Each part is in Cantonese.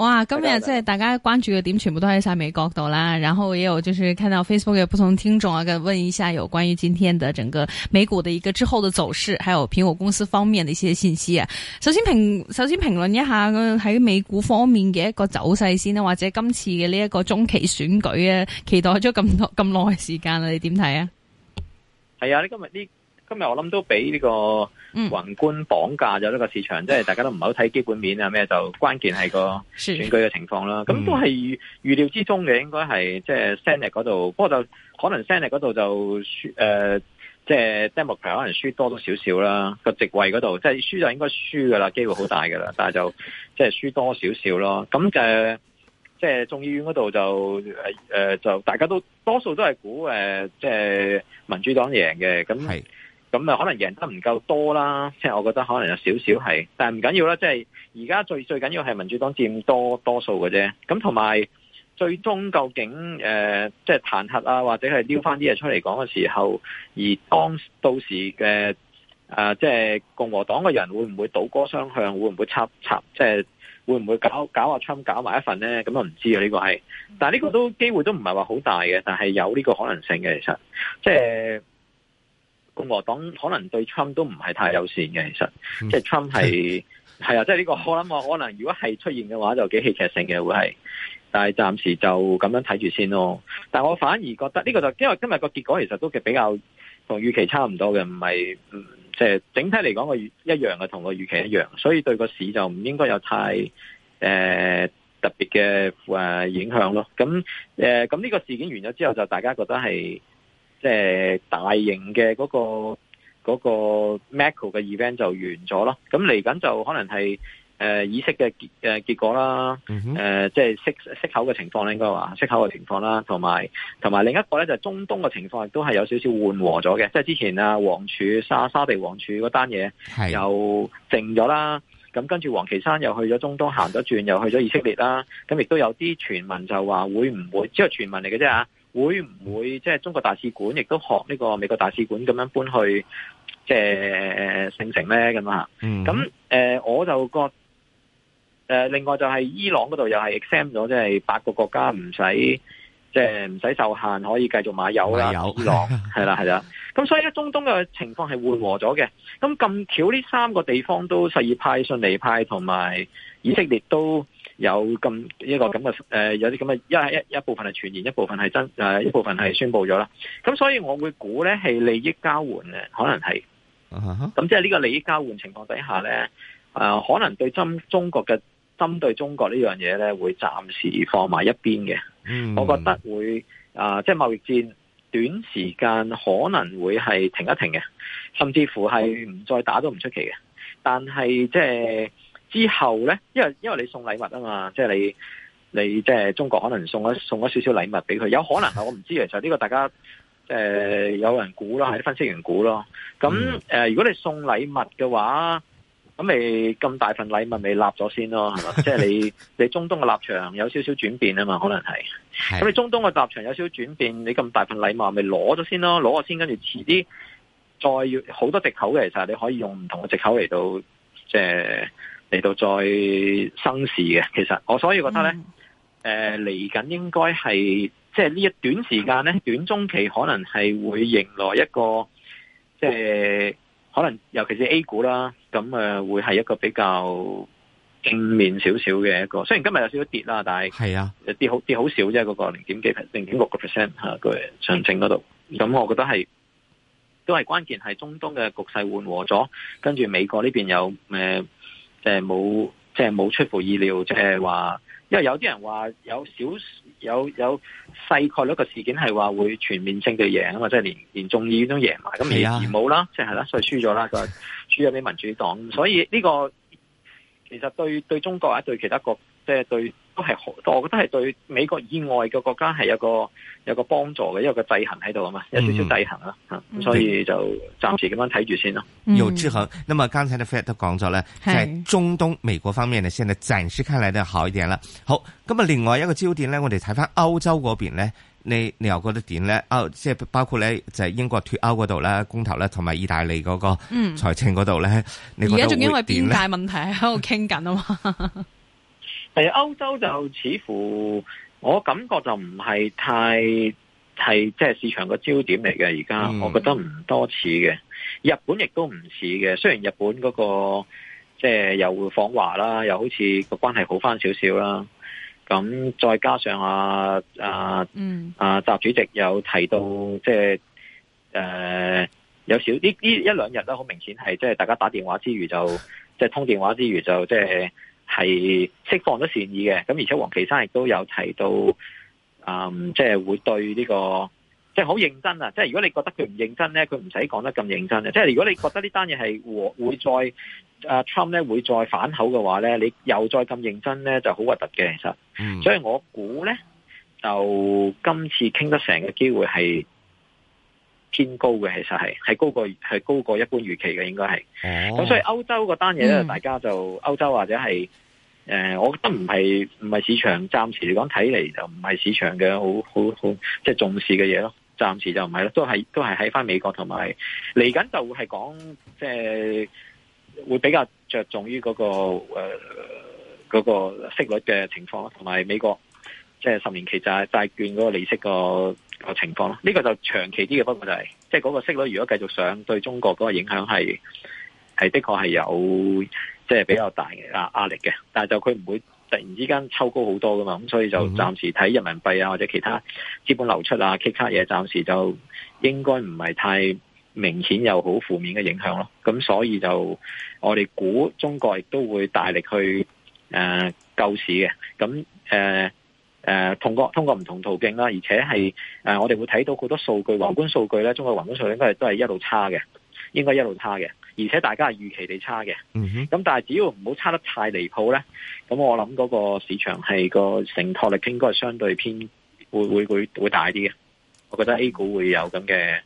哇，今日即係大家關注嘅點全部都喺晒美國度啦，然後也有就是看到 Facebook 嘅不同聽眾啊，問一下有關於今天的整個美股的一個之後的走勢，還有蘋果公司方面的一些信息啊。首先評，首先評論一下喺美股方面嘅一個走勢先啦，或者今次嘅呢一個中期選舉啊，期待咗咁多咁耐時間啦，你點睇啊？係啊，你今日呢？今日我諗都俾呢、這個。宏觀綁架咗呢個市場，嗯、即係大家都唔好睇基本面啊咩，就關鍵係個選舉嘅情況啦。咁、嗯、都係預料之中嘅，應該係即係 Senate 嗰度，不過就可能 Senate 嗰度就輸誒，即、呃、係、就是、Democrat 可能輸多咗少少啦。個席位嗰度即係輸就應該輸噶啦，機會好大噶啦， 但係就即係輸多少少咯。咁嘅即係眾議院嗰度就誒誒、呃，就大家都多數都係估誒，即、呃、係、就是、民主黨贏嘅咁。咁啊，可能贏得唔夠多啦，即係我覺得可能有少少係，但係唔緊要啦。即係而家最最緊要係民主黨佔多多數嘅啫。咁同埋最終究竟、呃、即係彈劾啊，或者係撩翻啲嘢出嚟講嘅時候，而當到時嘅、呃、即係共和黨嘅人會唔會倒戈相向？會唔會插插？即係會唔會搞搞阿蔣搞埋一份咧？咁我唔知啊，呢、呢個係，但呢個都機會都唔係話好大嘅，但係有呢個可能性嘅，其實即係。共和黨可能對 Trump 都唔係太友善嘅，其實即係 Trump 係係啊，即係呢個可諗我，我可能如果係出現嘅話就的，就幾戲劇性嘅會係，但係暫時就咁樣睇住先咯。但係我反而覺得呢、這個就因為今日個結果其實都比較同預期差唔多嘅，唔係即係整體嚟講嘅一樣嘅同個預期一樣，所以對個市就唔應該有太誒、呃、特別嘅誒影響咯。咁誒咁呢個事件完咗之後，就大家覺得係。.即、就、係、是、大型嘅嗰個嗰個 Macau 嘅 event 就完咗咯，咁嚟緊就可能係誒意識嘅結果啦，誒、呃、即係息息口嘅情況咧，應該話息口嘅情況啦，同埋同埋另一個咧就係、是、中東嘅情況亦都係有少少緩和咗嘅，即係之前啊王儲、沙沙地王儲嗰單嘢又靜咗啦，咁跟住王岐山又去咗中東行咗轉，又去咗以色列啦，咁亦都有啲傳聞就話會唔會，即、就、係、是、傳聞嚟嘅啫嚇會唔會即係、就是、中國大使館亦都學呢個美國大使館咁樣搬去即係聖城呢？咁啊？咁、嗯、誒、呃，我就覺誒、呃，另外就係伊朗嗰度又係 exempt 咗，即係八個國家唔使即係唔使受限，可以繼續買油啦。伊朗係啦係啦，咁、啊、所以咧中東嘅情況係緩和咗嘅。咁咁巧呢三個地方都什葉派、遜尼派同埋以色列都。有咁一個咁嘅誒，有啲咁嘅，一一一部分係傳言，一部分係真、呃、一部分係宣佈咗啦。咁所以我會估呢係利益交換嘅，可能係咁，即係呢個利益交換情況底下呢、呃，可能對針中國嘅針對中國呢樣嘢呢，會暫時放埋一邊嘅。Mm-hmm. 我覺得會、呃、即係貿易戰短時間可能會係停一停嘅，甚至乎係唔再打都唔出奇嘅。但係即係。之後咧，因為，因為你送禮物啊嘛，即係你你即係中國可能送一送一少少禮物俾佢，有可能係我唔知道。其實呢個大家誒、呃、有人估啦，係、嗯、啲分析員估咯。咁誒、呃，如果你送禮物嘅話，咁你咁大份禮物咪立咗先咯，係嘛？即 係你你中東嘅立場有少少轉變啊嘛，可能係。咁你中東嘅立場有少少轉變，你咁大份禮物咪攞咗先咯，攞咗先，跟住遲啲再要好多籍口嘅，其實你可以用唔同嘅籍口嚟到即係。呃嚟到再生事嘅，其實我所以覺得咧，誒，嚟緊應該係即係呢一短時間咧，短中期可能係會迎來一個，即係可能尤其是 A 股啦，咁誒、呃、會係一個比較正面少少嘅一個。雖然今日有少少跌啦，但係係、那個、啊，跌好跌好少，啫，嗰個零點幾零點六個 percent 吓上證嗰度。咁我覺得係都係關鍵係中東嘅局勢緩和咗，跟住美國呢邊有誒。呃即係冇，即係冇出乎意料，即係話，因為有啲人話有少有有細概率嘅事件係話會全面性嘅贏啊嘛，即係連連眾議院都贏埋，咁而而冇啦，即係係啦，所以輸咗啦，佢輸咗俾民主黨，所以呢個其實對對中國或者對其他國，即係對。都係好，我覺得係對美國以外嘅國家係有個有個幫助嘅，因為個制衡喺度啊嘛，有少少制衡啦、嗯嗯，所以就暫時咁樣睇住先咯、嗯。有制衡。那麼剛才的 f 都講咗咧，在、就是、中東美國方面咧，現在暫時看來都好一點啦。好，咁啊另外一個焦點咧，我哋睇翻歐洲嗰邊咧，你你又覺得點咧？歐、哦、即係包括咧就係、是、英國脫歐嗰度啦，公投咧，同埋意大利嗰個財政嗰度咧，而家仲因為變態問題喺度傾緊啊嘛。 係歐洲就似乎，我感覺就唔係太係即係市場個焦點嚟嘅。而家、嗯、我覺得唔多似嘅，日本亦都唔似嘅。雖然日本嗰、那個即係又會訪華啦，又好似個關係好翻少少啦。咁再加上啊啊、嗯、啊習主席有提到，即係誒、呃、有少啲啲一兩日都好明顯係即係大家打電話之餘就即係通電話之餘就即係。係釋放咗善意嘅，咁而且王岐山亦都有提到，嗯，即係會對呢個即係好認真啊！即係如果你覺得佢唔認真咧，佢唔使講得咁認真啊！即係如果你覺得呢單嘢係會再阿 Trump 咧會再反口嘅話咧，你又再咁認真咧就好核突嘅。其實，所以我估咧就今次傾得成嘅機會係偏高嘅，其實係係高過係高過一般預期嘅，應該係。咁、哦、所以歐洲嗰單嘢咧，大家就歐洲或者係誒、呃，我覺得唔係唔係市場暫時嚟講睇嚟就唔係市場嘅好好好即係重視嘅嘢咯。暫時就唔係咯，都係都係喺翻美國同埋嚟緊就會係講即係會比較着重於嗰、那個誒嗰、呃那個息率嘅情況，同埋美國。即係十年期債債券嗰個利息個、那個情況咯，呢、這個就長期啲嘅、就是，不過就係即係嗰個息率如果繼續上，對中國嗰個影響係係的確係有即係比較大壓壓力嘅，但係就佢唔會突然之間抽高好多㗎嘛，咁所以就暫時睇人民幣啊或者其他資本流出啊，卡嘢暫時就應該唔係太明顯又好負面嘅影響咯。咁所以就我哋估中國亦都會大力去誒、呃、救市嘅，咁誒。呃誒、呃，通過通過唔同途徑啦，而且係誒、呃，我哋會睇到好多數據，宏觀數據咧，中國宏觀數據應該係都係一路差嘅，應該一路差嘅，而且大家係預期地差嘅，咁、mm -hmm. 但係只要唔好差得太離譜咧，咁我諗嗰個市場係、嗰個承托力應該係相對偏會會會會大啲嘅，我覺得 A 股會有咁嘅。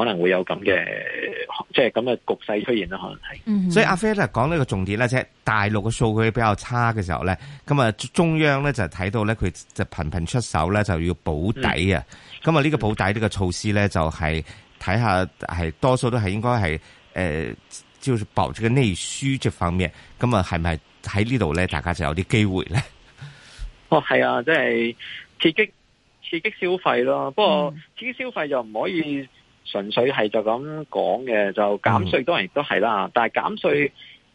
可能會有咁嘅，即係咁嘅局勢出現啦，可能係、嗯。所以阿菲咧講呢個重點咧，即係大陸嘅數據比較差嘅時候咧，咁啊中央咧就睇到咧，佢就頻頻出手咧，就要保底啊。咁啊呢個保底呢個措施咧，就係睇下係、嗯、多數都係應該係誒，即係保住個內需這方面。咁啊係咪喺呢度咧，大家就有啲機會咧？哦，係啊，即係刺激刺激消費咯。不過刺激消費就唔可以、嗯。嗯純粹係就咁講嘅，就減稅當然亦都係啦。但係減稅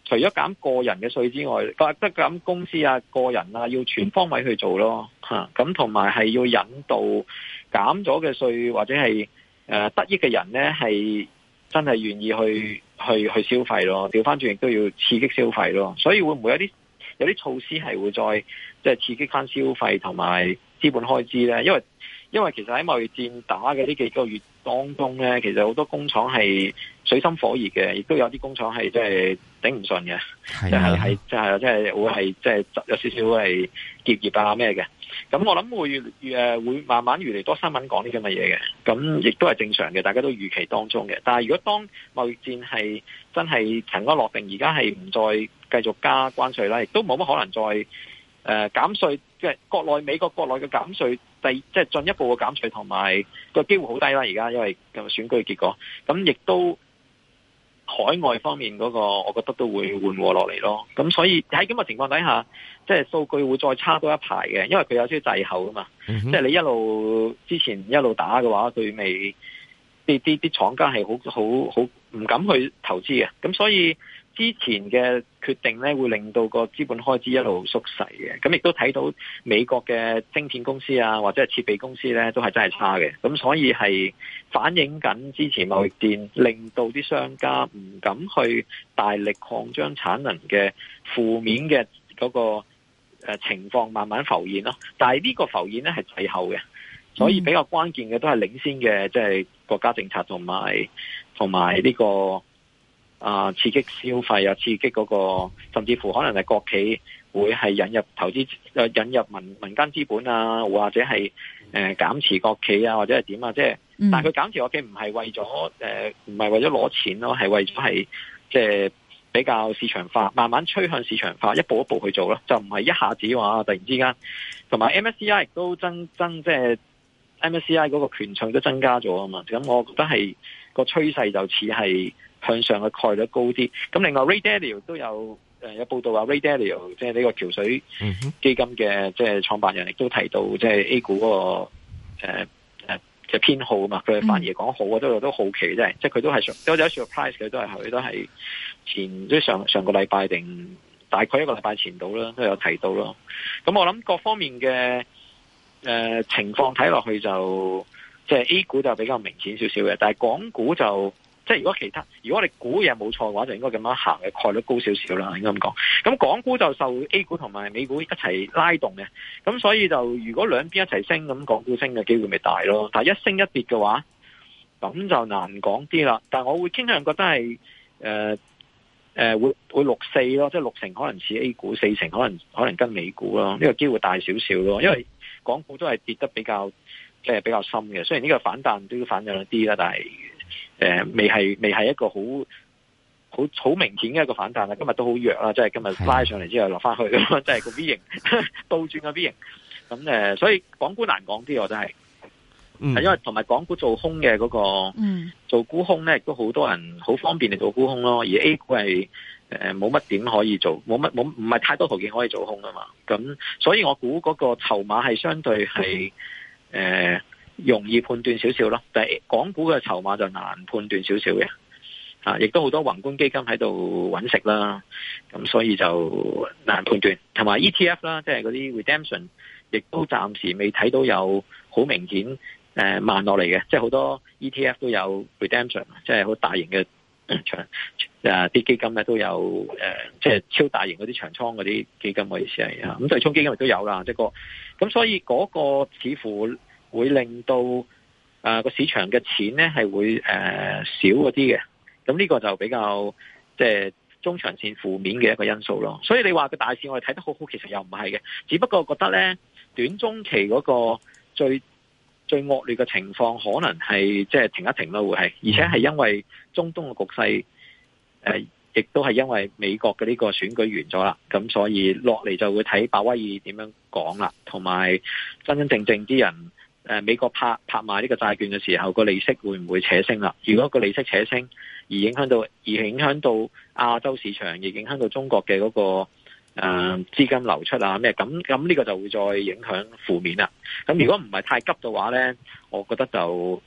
除咗減個人嘅稅之外，得減公司啊、個人啊，要全方位去做咯。吓，咁同埋係要引導減咗嘅稅或者係誒得益嘅人咧，係真係願意去去去消費咯。調翻轉亦都要刺激消費咯。所以會唔會有啲有啲措施係會再即係、就是、刺激翻消費同埋資本開支咧？因為因為其實喺貿易戰打嘅呢幾個月。當中咧，其實好多工廠係水深火熱嘅，亦都有啲工廠係即係頂唔順嘅，即係係即係即係會係即係有少少係結業啊咩嘅。咁我諗會越，誒會慢慢越嚟多新聞講呢啲咁嘅嘢嘅。咁亦都係正常嘅，大家都預期當中嘅。但係如果當貿易戰係真係塵埃落定，而家係唔再繼續加關稅啦，亦都冇乜可能再誒減稅，即、呃、係、即係、國內美國國內嘅減稅。即係進一步嘅減稅同埋個機會好低啦，而家因為選舉嘅結果，咁亦都海外方面嗰個，我覺得都會緩和落嚟咯。咁所以喺咁嘅情況底下，即係數據會再差多一排嘅，因為佢有啲滯後啊嘛。Mm -hmm. 即係你一路之前一路打嘅話，佢未啲啲啲廠家係好好好唔敢去投資嘅，咁所以。之前嘅決定咧，會令到個資本開支一路縮細嘅。咁亦都睇到美國嘅晶片公司啊，或者係設備公司呢，都係真係差嘅。咁所以係反映緊之前貿易戰，令到啲商家唔敢去大力擴張產能嘅負面嘅嗰個誒情況，慢慢浮現咯。但係呢個浮現呢，係滯後嘅，所以比較關鍵嘅都係領先嘅，即係國家政策同埋同埋呢個。啊！刺激消費啊！刺激嗰、那個，甚至乎可能係國企會係引入投資，引入民民間資本啊，或者係、呃、減持國企啊，或者係點啊？即、就、係、是，但係佢減持國企唔係為咗誒，唔、呃、係為咗攞錢咯、啊，係為咗係即係比較市場化，慢慢趨向市場化，一步一步去做咯、啊，就唔係一下子話、啊、突然之間。同埋 MSCI 亦都增增即係 MSCI 嗰個權重都增加咗啊嘛，咁我覺得係、那個趨勢就似係。向上嘅概率高啲，咁另外 Ray Dalio 都有誒、呃、有報道話 Ray Dalio 即係呢個橋水基金嘅即係創辦人亦都提到，即、就、係、是、A 股、那個誒誒嘅偏好啊嘛，佢反而講好啊，都有都好奇啫，即係佢都係都有 surprise 佢都係佢都係前即係、就是、上上個禮拜定大概一個禮拜前度啦，都有提到咯。咁我諗各方面嘅誒、呃、情況睇落去就即係、就是、A 股就比較明顯少少嘅，但係港股就。即係如果其他，如果你估嘢冇錯嘅話，就應該咁樣行嘅概率高少少啦，應該咁講。咁港股就受 A 股同埋美股一齊拉動嘅，咁所以就如果兩邊一齊升，咁港股升嘅機會咪大咯？但係一升一跌嘅話，咁就難講啲啦。但係我會傾向覺得係誒、呃呃、會、會六四咯，即係六成可能似 A 股，四成可能可能跟美股咯，呢、呢個機會大少少咯。因為港股都係跌得比較即係、呃、比較深嘅，雖然呢個反彈都反彈咗啲啦，但係。誒、呃，未係未係一個好好好明顯嘅一個反彈啦，今日都好弱啦，即係今日拉上嚟之後落翻去咯，即係個 V 型倒轉個 V 型，咁 誒，所以港股難講啲，我真係、嗯，因為同埋港股做空嘅嗰、嗰個做沽空咧，亦都好多人好方便嚟做沽空咯，而 A 股係誒冇乜點可以做，冇乜冇唔係太多條件可以做空啊嘛，咁所以我估嗰個籌碼係相對係誒。嗯呃容易判斷少少咯，但係港股嘅籌碼就難判斷少少嘅，啊，亦都好多宏觀基金喺度揾食啦，咁所以就難判斷，同埋 ETF 啦，即係嗰啲 redemption，亦都暫時未睇到有好明顯誒慢落嚟嘅，即係好多 ETF 都有 redemption，即係好大型嘅長啊啲基金咧都有誒，即係超大型嗰啲長倉嗰啲基金，我意思係啊，咁對沖基金亦都有啦，即係個，咁所以嗰個似乎，會令到啊個、呃、市場嘅錢呢係會誒、呃、少嗰啲嘅，咁呢個就比較即係、就是、中長線負面嘅一個因素咯。所以你話個大市我哋睇得好好，其實又唔係嘅，只不過覺得呢短中期嗰個最最惡劣嘅情況可能係即係停一停咯，會係，而且係因為中東嘅局勢，亦都係因為美國嘅呢個選舉完咗啦，咁所以落嚟就會睇鮑威爾點樣講啦，同埋真真正正啲人。誒、呃，美國拍拍賣呢個債券嘅時候，個利息會唔會扯升啦？如果個利息扯升，而影響到而影響到亞洲市場，亦影響到中國嘅嗰、那個誒呃、資金流出啊咩？咁咁呢個就會再影響負面啦。咁如果唔係太急嘅話咧，我覺得就誒、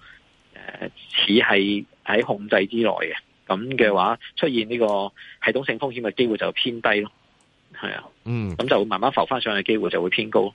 呃、似係喺控制之內嘅。咁嘅話出現呢個系統性風險嘅機會就會偏低咯。係啊，嗯，咁就會慢慢浮翻上去嘅機會就會偏高。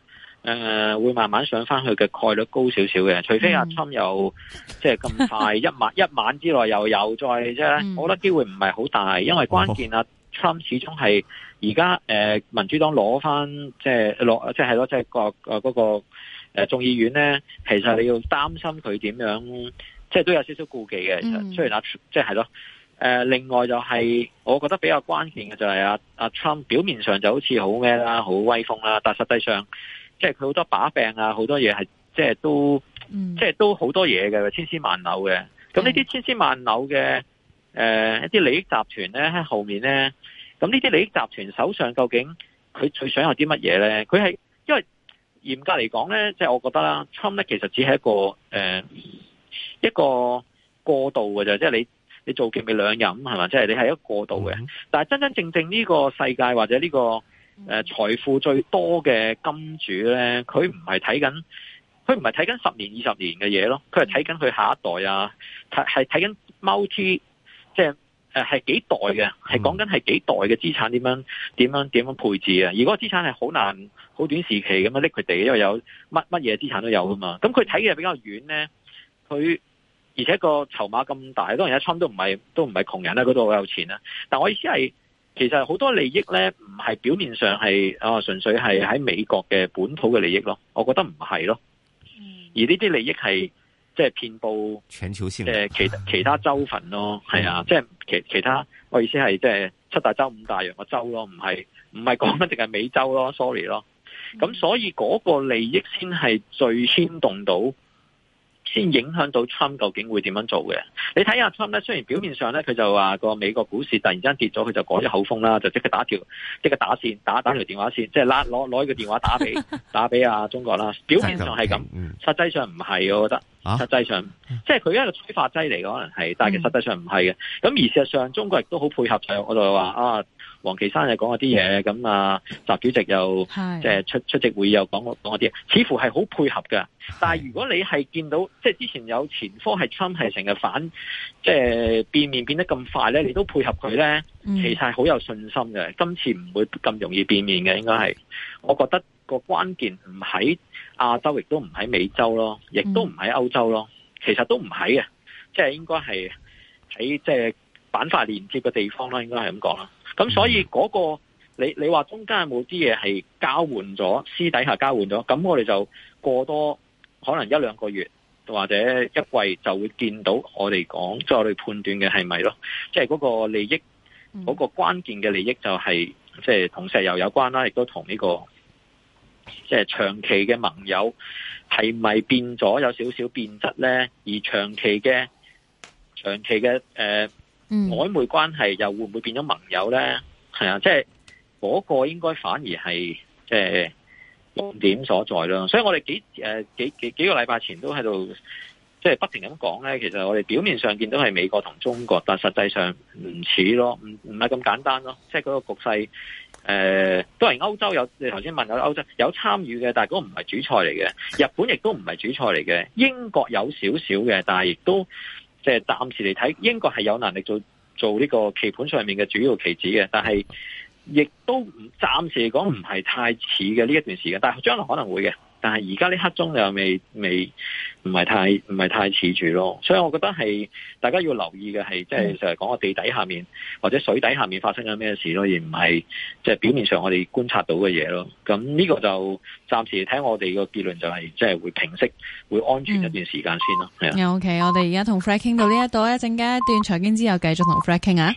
誒、呃，會慢慢上翻去嘅概率高少少嘅，除非阿、啊、Trump 又、嗯、即係咁快 一晚一晚之內又又再即、嗯、我覺得機會唔係好大，因為關鍵阿 Trump 始終係而家誒，民主黨攞翻即係攞即係係咯，即係、啊啊那個誒嗰個誒眾議院咧，其實你要擔心佢點樣，即係都有少少顧忌嘅。其實雖然阿即係咯，誒、嗯嗯，另外就係、是、我覺得比較關鍵嘅就係阿阿 Trump 表面上就好似好咩啦，好威風啦，但係實際上。即係佢好多把柄啊，好多嘢係即係都，嗯、即係都好多嘢嘅，千絲萬縷嘅。咁呢啲千絲萬縷嘅，誒、呃、一啲利益集團咧喺後面咧。咁呢啲利益集團手上究竟佢最想有啲乜嘢咧？佢係因為嚴格嚟講咧，即、就、係、是、我覺得啦，Trump 咧其實只係一個誒、呃、一個過渡嘅啫。即、就、係、是、你你做極未兩任，係咪？即、就、係、是、你係一個過渡嘅、嗯。但係真真正正呢個世界或者呢、這個。誒財富最多嘅金主咧，佢唔係睇緊，佢唔係睇緊十年、二十年嘅嘢咯，佢係睇緊佢下一代啊，係睇緊 multi，即係係幾代嘅，係講緊係幾代嘅資產點樣點樣點樣配置啊。而嗰個資產係好難好短時期咁樣拎佢哋，liquity，因為有乜乜嘢資產都有噶嘛，咁佢睇嘅係比較遠咧，佢而且個籌碼咁大，當然一倉都唔係都唔係窮人啦，嗰度好有錢啦，但我意思係。其實好多利益咧，唔係表面上係啊，純粹係喺美國嘅本土嘅利益咯。我覺得唔係咯，而呢啲利益係即係遍布全球性，即係其其他州份咯，係啊，即係其其他我意思係即係七大洲五大洋嘅州咯，唔係唔係講緊淨係美洲咯，Sorry 咯。咁所以嗰個利益先係最牽動到。先影響到 Trump 究竟會點樣做嘅？你睇下 Trump 咧，雖然表面上咧，佢就話個美國股市突然之間跌咗，佢就改咗口風啦，就即刻打條即刻打線打打條電話線，即係拉攞攞呢個電話打俾 打俾阿、啊、中國啦。表面上係咁，實際上唔係，我覺得、啊、實際上即係佢一個催化劑嚟嘅，可能係，但係其實實際上唔係嘅。咁、嗯、而事實上，中國亦都好配合就我就話啊。王岐山又講嗰啲嘢，咁啊，習主席又即係出出席會議又講講嗰啲，似乎係好配合嘅。但係如果你係見到即係、就是、之前有前科係侵，係成日反，即、就、係、是、變面變得咁快咧，你都配合佢咧，其實係好有信心嘅、嗯。今次唔會咁容易變面嘅，應該係。我覺得個關鍵唔喺亞洲，亦都唔喺美洲咯，亦都唔喺歐洲咯，其實都唔喺嘅，即係應該係喺即係板塊連接嘅地方囉，應該係咁講啦。咁所以嗰個你你話，中間有冇啲嘢係交換咗，私底下交換咗？咁我哋就過多可能一兩個月或者一季，就會見到我哋講即係我哋判斷嘅係咪咯？即係嗰個利益嗰，嗯，嗰個關鍵嘅利益就係即係同石油有關啦，亦都同呢個即係長期嘅盟友係咪變咗有少少變質咧？而長期嘅長期嘅誒曖昧關係又會唔會變咗盟友呢？係啊，即係嗰個應該反而係即係重點所在咯。所以我哋幾誒、呃、幾幾幾個禮拜前都喺度即係不停咁講呢。其實我哋表面上見到係美國同中國，但實際上唔似咯，唔唔係咁簡單咯。即係嗰個局勢誒、呃，都係歐洲有。你頭先問有歐洲有參與嘅，但係嗰個唔係主菜嚟嘅。日本亦都唔係主菜嚟嘅。英國有少少嘅，但係亦都。即係暫時嚟睇，英國係有能力做做呢個棋盤上面嘅主要棋子嘅，但係亦都唔暫時嚟講唔係太似嘅呢一段時間，但係將來可能會嘅。但係而家呢刻鐘就未未唔係太唔係太似住咯，所以我覺得係大家要留意嘅係即係成日講個地底下面或者水底下面發生緊咩事咯，而唔係即係表面上我哋觀察到嘅嘢咯。咁呢個就暫時睇我哋個結論就係即係會平息會安全一段時間先咯。係、嗯、啊，OK，我哋而家同 Frank 傾到呢一度一陣間，一段財經之後，繼續同 Frank 傾啊。